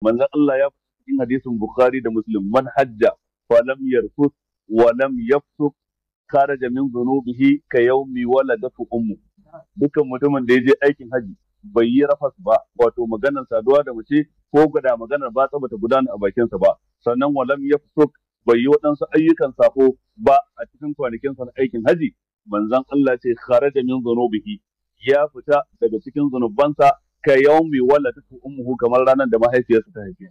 manzon Allah ya fi cikin hadisin Bukhari da Muslim man hajja fa lam yarfus wa lam yafsuk kharaja min dhunubihi ka yawmi waladatu ummu dukan mutumin da ya je aikin haji bai yi rafas ba wato maganar saduwa da mace ko gada maganar ba bata gudana a bakinsa ba sannan wa lam yafsuk bai yi waɗansu ayyukan sako ba a cikin kwanakinsa na aikin haji manzon Allah ce kharaja min dhunubihi ya fita daga cikin zunubansa ka mai wala ta ummuhu kamar ranar da mahaifiyarsa ta haife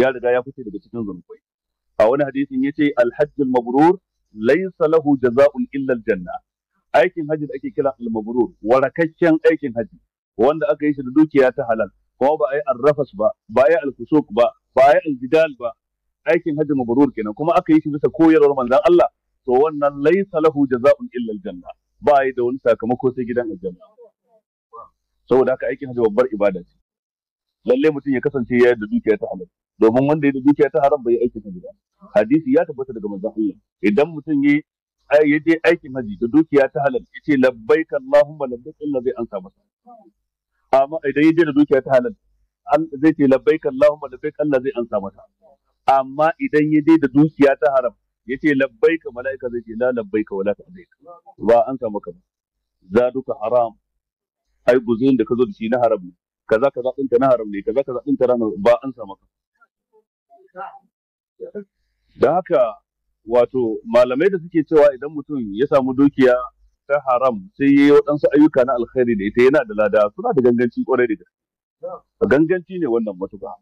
ya riga ya fice daga cikin zunubai a wani hadisin ya ce Alhajji al-mabrur laysa lahu jazaa'un illa janna aikin hajji da ake kira al-mabrur warakakken aikin hajji wanda aka yi shi da dukiya ta halal kuma ba a yi arrafas ba ba a yi ba ba a yi aljidal ba aikin hajji mabrur kenan kuma aka yi shi bisa koyarwar manzan Allah to wannan laysa lahu da illa al-janna ba yi da wani sakamako sai gidan aljanna saboda haka aikin hajji babbar ibada ce lalle mutum ya kasance ya yadda dukiya ta halal domin wanda ya da dukiya ta haram bai yi aikin hajji ba hadisi ya tabbata daga manzon Allah idan mutum ya ya je aikin hajji da dukiya ta halal yace labbaika allahumma labbaik illa zai ansa masa amma idan ya je da dukiya ta halal zai ce labbaika allahumma labbaik Allah zai ansa masa amma idan ya je da dukiya ta haram yace labbaika malaika zai ce la labbaika, wala ta'zik ba an sa maka ba zaduka haram ai guzurin da ka zo da shi na haram ne kaza kaza din ka na haram ne kaza kaza din ka na ba an sa maka da haka wato malamai da suke cewa idan mutum ya samu dukiya ta haram sai ya yi waɗansu ayyuka na alkhairi da ita yana da lada suna da ganganci kwarai da gaske ganganci ne wannan matuƙa